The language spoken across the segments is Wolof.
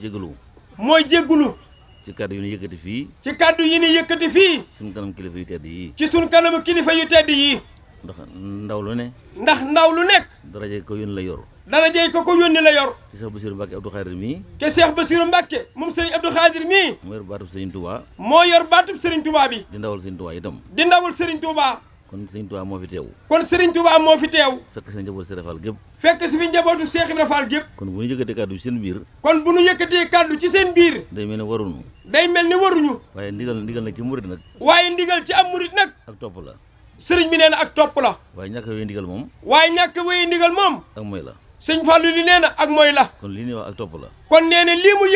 jégalu. mooy jégalu. ci kàddu yi ñu yëkkati fii. ci kàddu yi ñu yëkkati fii. sunu kanam kilifa yu tedd yii. ci sunu kanam kilifa yu tedd yii. ndax ndaw lu ne. ndax ndaw lu nekk. daraje ko yónni la yor. daraje ko ko yónni la yor. te Cheikh Bassirou Mbacke Abdou Khadir mii. te Cheikh Bassirou Mbacke moom sëñ Abdou Khadir mii. moo yor baatub Serigne Touba. moo yor baatub Serigne Touba bi. di ndawal Serigne Touba itam. di ndawal Serigne kon Serigne Touba moo fi teew kon Serigne Touba moo fi teew fekk si njabootu Serigne Fall gépp fekk si fi njabootu Cheikh Ibra Fall gépp kon bu ñu yëkkatee kàddu ci seen biir kon bu ñu yëkkatee kàddu ci seen biir day mel ni waruñu day mel ni waruñu waaye ndigal ndigal nag ci murit nag waaye ndigal ci am murit nag ak topp la sëriñ bi nee na ak topp la waaye ñàkk a wéy ndigal moom waaye ñàkk a wéy ndigal moom ak mooy la sëñ Fallou li nee na ak mooy la kon lii ñuy wax ak topp la kon nee na lii mu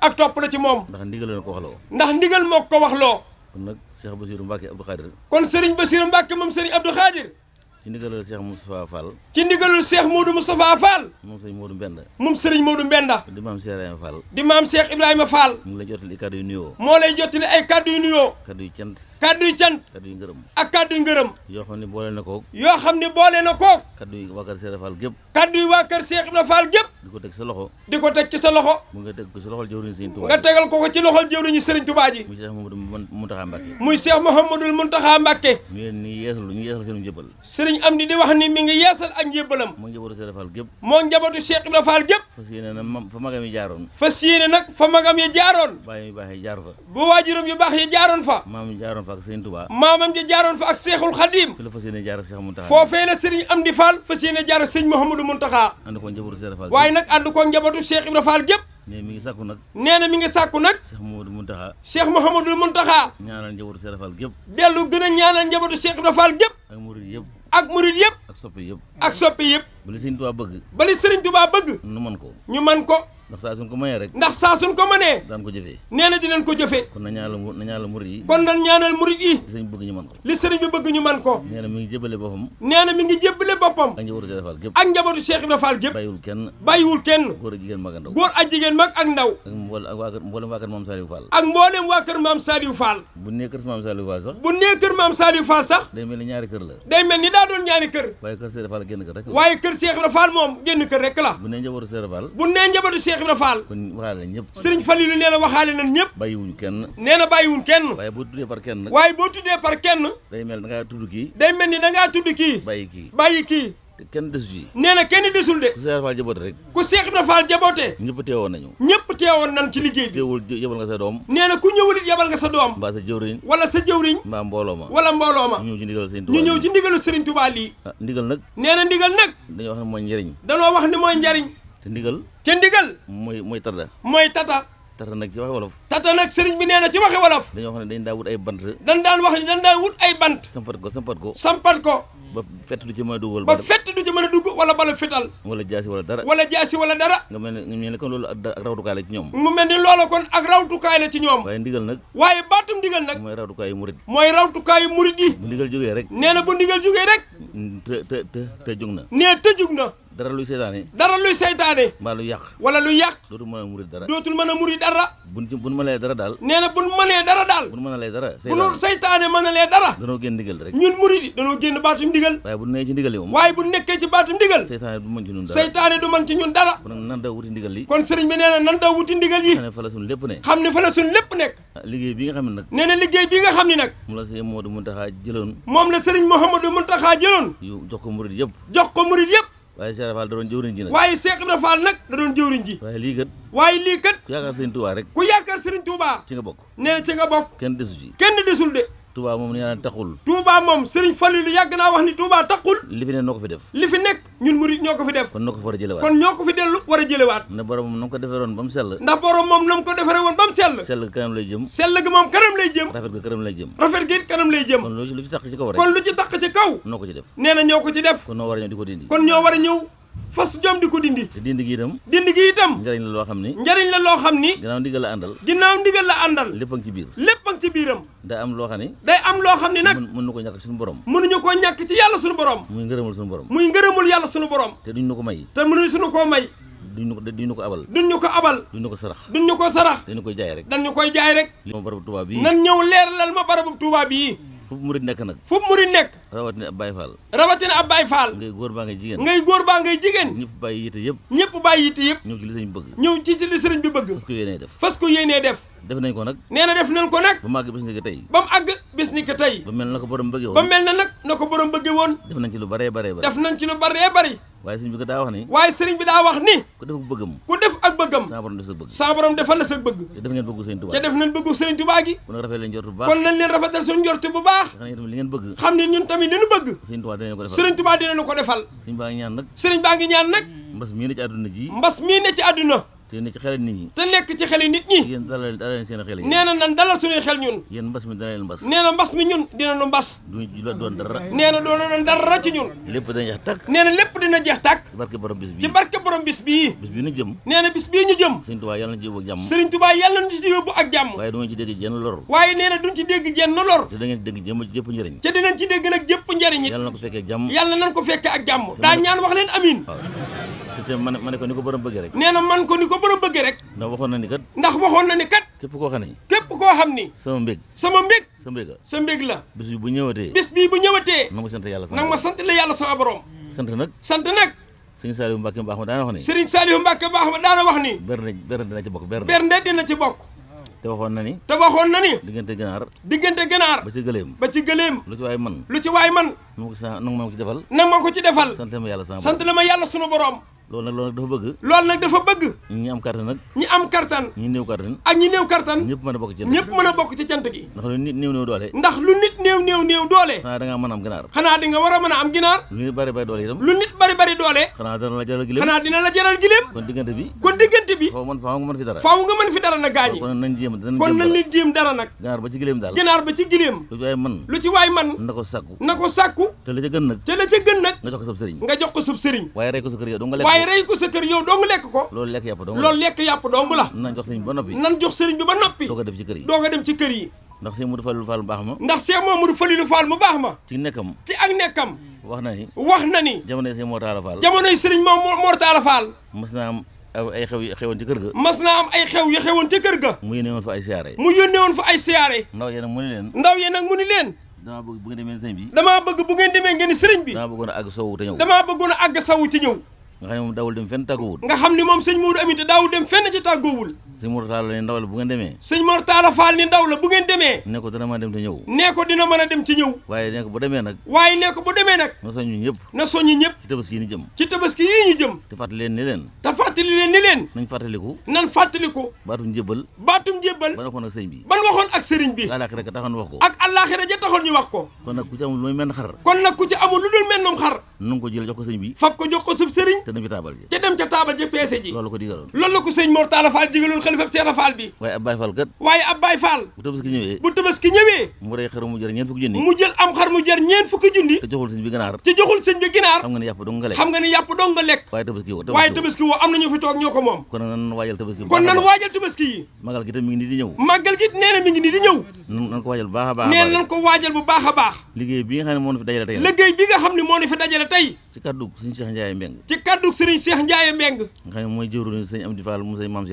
ak topp la ci moom ndax ndigal la ko wax loo ndax ndigal moo ko wax loo kon nag Cheikh Bassirou Mbacke Abdou Khadir kon Serigne Bassirou Mbacke moom Serigne Abdou Khadir ci ndigalul Cheikh Moustapha Fall. ci ndigalul Cheikh Modou Moustapha Fall. moom sëriñ Modou Mbenda. moom sëriñ Modou Mbenda. di maam Cheikh Ibrahima Fall. di maam Cheikh Ibrahima Fall. mu ngi lay jottali kaddu yu nuyoo. moo lay jottali ay kaddu yu nuyoo. kaddu yu cant. kaddu yu cant. kaddu yu ngërëm. ak kaddu yu ngërëm. yoo xam ne boole na koog. yoo xam ne boole na koog. kaddu yu waa kër Cheikh Fall gépp. kaddu yu waa kër Cheikh Ibrahima Fall gépp. di ko teg sa loxo. di ko teg ci sa loxo. mu nga teg ko ci loxol jëwriñu Sëriñ Tuubaa. nga tegal ko ko ci loxol jëwriñu Sëriñ Tuubaa ji. muy Cheikh Mouhamadou Mountakha Mbacké. muy Cheikh Mouhamadou Mountakha Mbacké. ñu yeesal ñu yeesal seen njëbal. sëriñ Amdi di wax ni mi ngi yeesal ak njébbalam moo njabootu Cheikh Ibra Fall gépp moo njabootu Cheikh Ibra Fall gépp fas yéene na fa magam yi jaaroon fas yéene nag fa magam yi jaaroon baay yu baax yi jaar fa bu waajuram yu baax yi jaaroon fa maamam jaaroon fa ak Sëriñ Tuubaa maamam ji jaaroon fa ak Seexul Xadiim fi la fas yéene jaar ak Cheikh Mountakha foofee la sëriñ Amdi Fall fas yéene jaar ak sëriñ Mouhamadou Mountakha ànd ko njabootu Cheikh Ibra Fall waaye nag ànd ko njabootu Cheikh Ibra Fall gépp nee mi ngi sàkku nag nee na mi ngi sàkku nag Cheikh Mouhamadou Mountakha Cheikh Mouhamadou Mountakha ñaanal njabootu Cheikh Ibra Fall gépp dellu gën a ñaanal njabootu Cheikh Ibra Fall gépp ak murit yëpp. ak soppi yëpp. ak soppi yëpp. bali Sëriñ Tuubaa bëgg. bali Sëriñ Tuubaa bëgg. nu mën ko. ñu mën ko. ndax saa suñ ko mënee rek ndax saa suñ ko mënee daan ko jëfee nee na dinañ ko jëfee kon na ñaanal na ñaanal murid yi kon na ñaanal murid yi li sëriñ bi bëgg ñu man ko li sëriñ bi bëgg ñu man ko nee na mi ngi jébbale boppam nee na mi ngi jébbale boppam ak njabootu Cheikh Fall gépp ak njabootu Cheikh Ibra Fall bàyyiwul kenn bàyyiwul kenn góor ak jigéen mag ak ndaw góor ak jigéen mag ak ndaw ak mboolem waa kër maam Saliou Fall ak mboolem waa kër maam Saliou Fall bu nee kër maam Saliou Fall la day mel ni daa doon ñaari kër waaye kër Cheikh Ibra Ibra Fall kon waxaale nañ ñëpp sëriñ Falilu nee na waxaale nañ ñëpp bàyyiwuñ kenn nee na bàyyiwuñ kenn waaye boo tuddee par kenn nag waaye boo tuddee par kenn day mel da ngaa tudd kii day mel ni da tudd kii bàyyi kii bàyyi kii kenn desu ci nee na kenn desul de ku Seex Ibra Fall jaboote rek ku Seex Ibra jaboote ñëpp teewoon nañu ñëpp teewoon nañ ci liggéey teewul yebal nga nee na ku ñëwul it yebal nga sa doom mbaa sa jëwriñ wala sa jëwriñ mbaa mbooloo ma wala mbooloo ma ñu ñëw ci ah, na ndigal te ndigal te ndigal mooy mooy tata mooy tata tata nag ci waxe wolof tata nag sëriñ bi nee na ci waxe wolof dañoo wax ne dañ daa wut ay bant dañ daan wax ne dañ daan wut ay bant sampat ko sampat ko sampat ko ba fett du ci mën a dugg ba fett ci mën a dugg wala bala fetal wala jaasi wala dara wala jaasi wala dara nga mel ne mel ne kon loolu ak rawtukaay la ci ñoom mu mel ni loola kon ak rawtukaay la ci ñoom waaye ndigal nag waaye baatum ndigal mooy rawtukaayu murid mooy rawtukaayu murid yi bu rek nee na bu ndigal jógee rek te te te te na nee te jóg na dara luy seytaane dara luy seytaane mbaa luy yàq wala luy yàq dootul mën a muri dara dootul mën a muri dara buñ ci buñ mënee dara daal nee na buñ mënee dara daal buñ mënalee dara buñ seytaane mënalee dara danoo génn ndigal rek ñun murid yi danoo génn baatum ndigal waaye bu nekkee ci ndigal yi moom waaye bu nekkee ci baatum ndigal seytaane du mën ci ñun dara seytaane du mën ci ñun dara kon nan daa wuti ndigal kon sëriñ bi nee na nan daa wuti ndigal yi xam ne nekk xam ne fa ah na liggéey bi nga xam ne ko murid yëpp jox ko waaye Cheikh Rafal da doon jëwriñ ji nag waaye Cheikh Ibra Fall nag da doon jëwriñ ji waaye lii kat waaye lii kat ku yaakaar Serigne Touba rek ku yaakaar Serigne Touba ci nga bokk nee ci nga bokk kenn desu ci kenn desul de Touba moom ni naan taxul Touba moom Serigne Fallou yàgg naa wax ni Touba taxul li fi nekk ñun murid ñoo ko fi def kon noo ko fi war a jëlewaat kon ñoo ko fi dellu war a jëlewaat ndax borom moom na ko defee woon ba mu sell sell sell kanam lay jëm sell ga moom kanam lay jëm rafet ga kanam lay jëm kon lu ci taq ci kaw rek kon lu ci taq ci kaw noo ko ci def nee na ñoo ko ci def kon ñoo war a ñëw di ko dindi kon ñoo war a ñëw fas jom di ko dindi te dindi gi itam dindi gi itam njariñ la loo xam ni njariñ la loo xam ni ginnaaw ndigal la àndal ginnaaw ndigal la àndal lépp a ngi ci biir lépp a ngi ci biiram day am loo xam ni day am loo xam ni nag mënuñu ko ñàkk suñu borom mënuñu ko ñàkk ci yàlla suñu borom muy ngërëmul suñu borom muy ngërëmul yàlla suñu borom te duñ ñu ko may te mënuñu suñu koo may duñu ko duñu ko abal duñu ko abal duñu ko sarax duñu ko sarax dañu koy jaay rek dañu koy jaay rek li ma barabu tubaab bi nan ñëw ma barabu tubaab bi foofu murid nekk nag foofu murid nekk rawatina ab Baye Fall rawatina ab Baye Fall ngay góor baa ngay jigéen ngay góor baa ngay jigéen ñëpp bàyyi yitte yëpp ñëpp bàyyi yitte yëpp ñëw ci li bi bëgg ñëw ci ci bi bëgg fas ko yéenee def fas ko yéenee def def nañ ko nag nee na def nañ ko nag ba mu àgg bis tey ba mu àgg bis tey ba mel na ko borom bëggee woon ba mel na nag na ko borom bëggee woon def nañ ci lu baree baree bari def nañ ci lu waaye sëriñ bi ko daa wax ni waaye sëriñ bi daa wax ni ku def ak bëggam ku def ak bëggam sa borom def sa bëgg sa borom defal la sa bëgg te def ngeen bëggu sëriñ Tuubaa te def nañ bëggu sëriñ Tuubaa gi kon nag rafet baax kon nañ leen rafetal suñu njort bu baax xam ne li ngeen bëgg xam ne ñaan nag sëriñ baa ngi ñaan nag mbas mii ne ci àdduna ji mbas mii ne ci àdduna te nekk ci xel nit ñi te nekk ci xel nit ñi yéen dalal dalal seen xel yi nee na nan dalal suñuy xel ñun yéen mbas mi dana leen mbas nee na mbas mi ñun dina nu mbas du la doon dara nee na doon doon dara ci ñun lépp dina jeex tàkk nee na lépp dina jeex tàkk ci barke borom bis bii ci barke borom bis bii bis bii ñu jëm nee na bis bii ñu jëm sëriñ Tuubaa yàlla na ci yóbbu ak jàmm sëriñ Tuubaa yàlla na ci yóbbu ak jàmm waaye duñu ci dégg jenn lor waaye nee na duñ ci dégg jenn lor te da ngeen dégg jëm jëpp njëriñ te dinañ ci dégg nag jëpp njëriñ yàlla na ko fekkee jàmm yàlla nañ ko fekkee ak jàmm daa ñaan wax leen amiin te man ma ne ko ni ko borom bëggee rek nee na man ko ni ko borom bëggee rek ndax waxoon na ni kat ndax waxoon na ni kat képp koo xam ne képp koo xam ni sama mbég sama mbég sa mbég la sa mbég la bis bi bu ñëwatee bis bii bu ñëwatee nag ma sant yàlla nag ma sant la yàlla sama borom sant nag sant nag Sëriñ Saliou Mbacke baax ma daana wax ni Sëriñ Saliou Mbacke baax ma daana wax ni bernde bernde dina na ni na ni diggante ganaar diggante ba ci gëléem ba ci gëléem lu ci waay man lu ci waay man na ma ko ci defal na ma ko ci defal sant na ma yàlla sama sant na ma yàlla sunu borom loolu nag loolu nag dafa bëgg loolu nag dafa bëgg ñi am kartan ñi am kartan ñi néew kartan ak ñi néew kartan ñëpp mën a bokk ci ñëpp mën a bokk ci cant gi ndax lu nit néew néew doole ndax lu nit néew néew néew doole xanaa da mën am ginaar xanaa di nga war a mën a am ginaar lu nit bari bari doole lu nit bari bari doole xanaa dina la jaral giléem xanaa dina la jaral giléem kon diggante bi kon diggante bi faaw man faaw nga mën fi dara faaw nga mën fi dara nag gaañi kon nañ jéem kon dara nag ginaar ba ci giléem daal waaye rey ko sa kër yow dong lekk ko loolu lekk yàpp dong loolu lekk yàpp dong la nan jox sëriñ bi ba noppi nan jox sëriñ bi ba noppi doo ko def ci kër yi doo ko dem ci kër yi ndax Seex Moodu Falilu Faal mu baax ma ndax Seex Moodu Falilu Faal mu baax ma ci nekkam ci ak nekkam wax na ni wax na ni jamonoy sëriñ Mor Talla Faal jamonoy sëriñ moom Mor Talla Faal mas naa am ay xew yu xewoon ci kër ga mas naa am ay xew yu xewoon ci kër ga mu yónnee woon fa ay siyaare mu yónnee woon fa ay siyaare ndaw yee nag mu ni ndaw yee nag mu ni leen damaa bëgg bu bi damaa bëgg bu ngeen demee ngeen sëriñ bi damaa bëggoon a ñëw damaa a àgg sowu te ñëw nga xam ne moom daawul dem fenn tàggoowul nga xam ne moom sëñ Modou Aminta daawul dem fenn ci tàggoowul sëñ Mor Talla ni ndaw la bu demee sëñ Mor Talla Fall ni ndaw la bu demee ne ko dana mën a dem te ñëw nee ko dina mën a dem ci ñëw waaye nee ko bu demee nag waaye nee ko bu demee nag na soññu ñëpp na soññu ñëpp ci tabaski yi ñu jëm ci tabaski yi ñu jëm te fàttali leen ni leen te fàttali leen ni leen nañ fàttaliku nan fàttaliku baatum jébbal baatum jébbal ban waxoon ak sëñ bi ban waxoon ak sëriñ bi àllaaxira ka taxoon wax ko ak àllaaxira ja taxoon ñu wax ko kon nag ku ci amul lu muy menn xar kon nag ku ci amul lu dul mennum xar nu ko jël jox ko sëñ bi fab ko jox ko sub sëriñ te dem ca taabal ji te dem ca taabal ji peese ji loolu ko digaloon loolu ko sëñ Mor Talla Fall digaloon xalifa Thierno Fall bi waaye ab Baye Fall waaye ab Baye bu tabaski ñëwee bu tabaski ñëwee mu rey mu jël am xar mu jër ñeent fukki junni te joxul sëñ bi ganaar te joxul sëñ bi ganaar xam nga ne yàpp dong nga lekk xam nga ne yàpp dong nga lekk waaye tabaski woo waaye tabaski woo am na ñu fi toog ñoo ko moom kon nan ñëw ko waajal bu a a kàddu sëriñ Cheikh Ndiaye Mbeng nga xam ne mooy jëwriñu sëriñ Amdi Fall mu sëriñ maam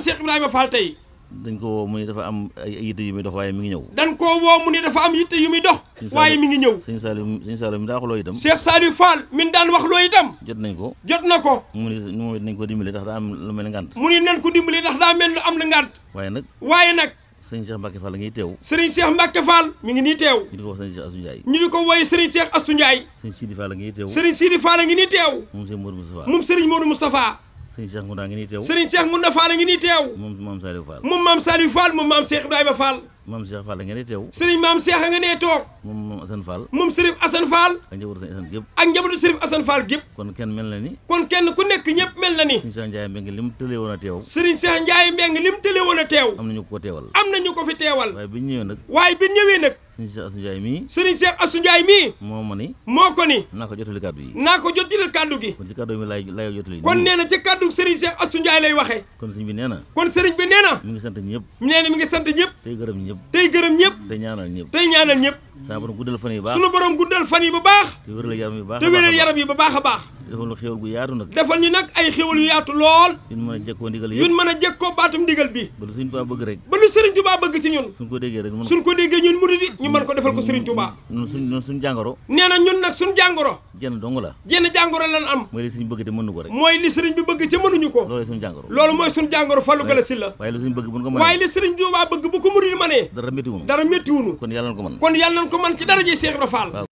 Cheikh Ibrahima Fall tey nga mi dañ ko woo mu ne dafa am yitte yu muy dox waaye ngi ñëw dañ ko woo mu ne am yitte yu muy dox waaye mi ngi ñëw sëñ Saliou sëñ Saliou mi daa wax loolu itam Cheikh Saliou Fall min daan wax loolu itam jot nañ ko jot na ko mu ne moom nañ ko dimbali ndax daa am lu mel ni ngànt mu ne nañ ko dimbali ndax daa mel lu am lu ngànt waaye nag waaye nag sëriñ Cheikh Mbacke a la ngi teew sëriñ Cheikh Mbacke Fall mi ngi nii teew ñu di ko sëriñ Cheikh Assou Ndiaye sëriñ Cheikh Assou Ndiaye sëriñ Sidi teew sëriñ Sidi Fall la ngi nii teew moom sëriñ Modou Moustapha sëriñ Modou Moustapha sëriñ Cheikh Ngounda ngi nii teew sëriñ Cheikh Ngounda Fall la ngi nii teew moom maam Saliou teew sëriñ maam Cheikh a nga nee toog moom Assane moom Serif Assane Fall ak njabootu Serigne Assane gépp ak njabootu Serif Assane Fall gépp kon kenn mel na ni kon kenn ku nekk ñëpp mel na ni Serigne Cheikh Ndiaye Mbeng li mu a teew Serigne Cheikh Ndiaye Mbeng li mu a waaye bi ñu ñëwee nag waaye bi moo ma ni moo ko ni naa ko jotali kàddu yi naa ko gi kon ci kàddu mi laay laay jotali kon nee bi nee na kon ngi sant ñëpp mi ngi sant ñëpp tey gërëm ñëpp tey gërëm ñëpp tey ñaanal ñëpp tey ñaanal ñëpp saa borom guddal fan yi guddal fan yi ba baax te wéral yaram yi baax te wéral yaram yi ba baax a baax defal lu xéwal gu yaatu nag defal ñu nag ay xéwal yu yaatu lool yun mën a jekkoo ndigal yëpp yun mën a jekkoo baatam ndigal bi ba lu suñ tubaa bëgg Serigne Touba bëgg ci ñun suñ ko déggee rek suñ ko déggee ñun murid ñu mën ko defal ko Serigne Touba ñun suñ jàngoro nee na ñun nag suñ jàngoro jenn dong la jenn jàngoro lan am mooy li Serigne ko rek mooy li bi bëgg ci mënuñu ko loolu suñ jàngoro loolu mooy suñ jàngoro Fallou Gala Sylla waaye li Serigne bëgg bu ko mënee waaye li Serigne dara méttiwunu dara kon yàlla na ko mën kon yàlla na ko mën ci dara ji Cheikh Ibra